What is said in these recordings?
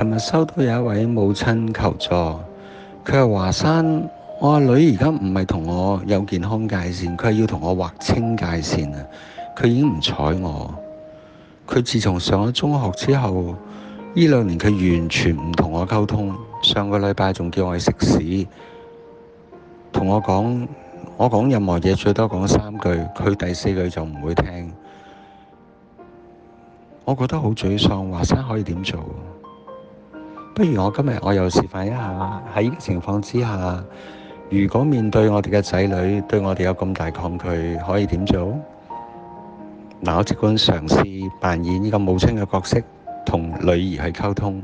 琴日收到有一位母親求助，佢係華山，我阿女而家唔係同我有健康界線，佢係要同我劃清界線啊！佢已經唔睬我。佢自從上咗中學之後，呢兩年佢完全唔同我溝通。上個禮拜仲叫我食屎，同我講我講任何嘢最多講三句，佢第四句就唔會聽。我覺得好沮喪，華山可以點做？不如我今日我又示範一下喺呢個情況之下，如果面對我哋嘅仔女對我哋有咁大抗拒，可以點做？嗱，我只管嘗試扮演呢個母親嘅角色，同女兒去溝通。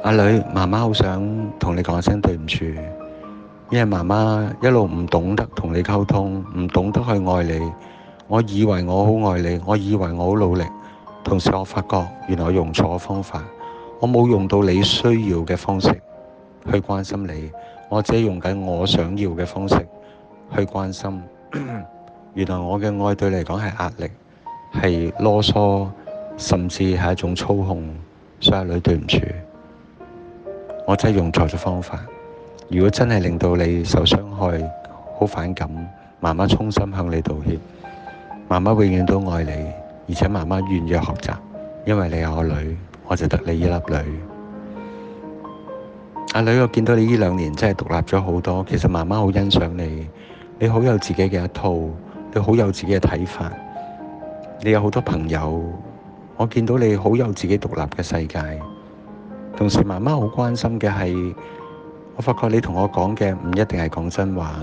阿、啊、女，媽媽好想同你講聲對唔住，因為媽媽一路唔懂得同你溝通，唔懂得去愛你。我以為我好愛你，我以為我好努力，同時我發覺原來我用錯方法。我冇用到你需要嘅方式去關心你，我只係用緊我想要嘅方式去關心。 原來我嘅愛對你嚟講係壓力，係囉嗦，甚至係一種操控。阿女，對唔住，我真係用錯咗方法。如果真係令到你受傷害、好反感，媽媽衷心向你道歉。媽媽永遠都愛你，而且媽媽願意學習，因為你係我女。我就得你一粒女。阿女，我見到你呢兩年真係獨立咗好多。其實媽媽好欣賞你，你好有自己嘅一套，你好有自己嘅睇法，你有好多朋友。我見到你好有自己獨立嘅世界。同時媽媽好關心嘅係，我發覺你同我講嘅唔一定係講真話，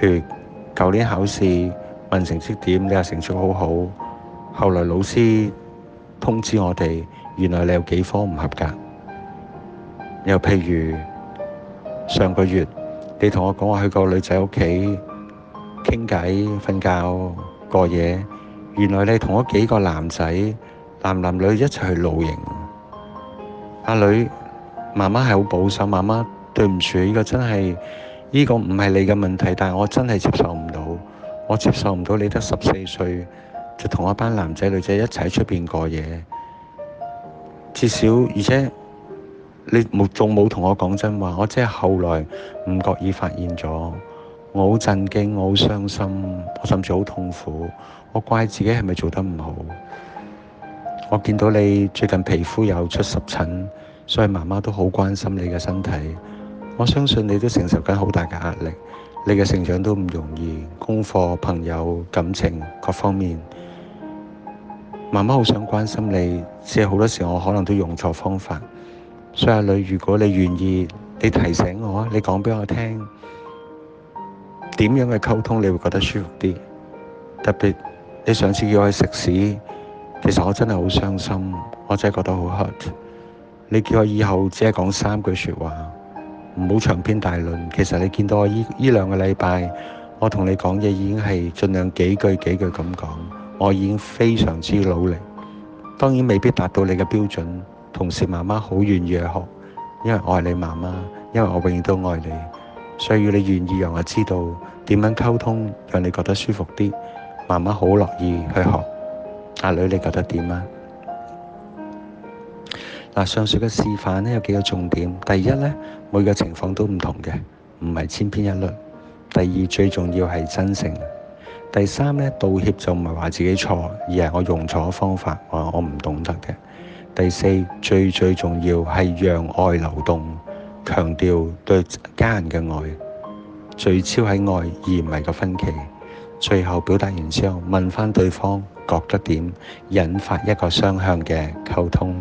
譬如舊年考試問成績點，你話成績好好，後來老師。通知我哋，原來你有幾科唔合格。又譬如上個月，你同我講話去個女仔屋企傾偈、瞓覺、過夜，原來你同咗幾個男仔、男男女一齊去露營。阿女，媽媽係好保守，媽媽對唔住，呢個真係，呢個唔係你嘅問題，但係我真係接受唔到，我接受唔到你得十四歲。就同一班男仔女仔一齊出邊過夜，至少而且你冇，仲冇同我講真話。我即係後來唔覺意發現咗，我好震驚，我好傷心，我甚至好痛苦，我怪自己係咪做得唔好？我見到你最近皮膚有出濕疹，所以媽媽都好關心你嘅身體。我相信你都承受緊好大嘅壓力，你嘅成長都唔容易，功課、朋友、感情各方面。媽媽好想關心你，只係好多時候我可能都用錯方法。所以阿女，如果你願意，你提醒我啊，你講俾我聽，點樣嘅溝通你會覺得舒服啲。特別你上次叫我去食屎，其實我真係好傷心，我真係覺得好 hurt。你叫我以後只係講三句説話，唔好長篇大論。其實你見到我呢呢兩個禮拜，我同你講嘢已經係盡量幾句幾句咁講。我已經非常之努力，當然未必達到你嘅標準。同時，媽媽好願意去學，因為我係你媽媽，因為我永遠都愛你，所以你願意讓我知道點樣溝通，讓你覺得舒服啲。媽媽好樂意去學。阿女，你覺得點啊？嗱，上述嘅示範呢，有幾個重點：第一呢，每個情況都唔同嘅，唔係千篇一律；第二，最重要係真誠。第三咧，道歉就唔係話自己錯，而係我用錯方法，話我唔懂得嘅。第四，最最重要係讓愛流動，強調對家人嘅愛，聚焦喺愛而唔係個分歧。最後表達完之後，問翻對方覺得點，引發一個雙向嘅溝通。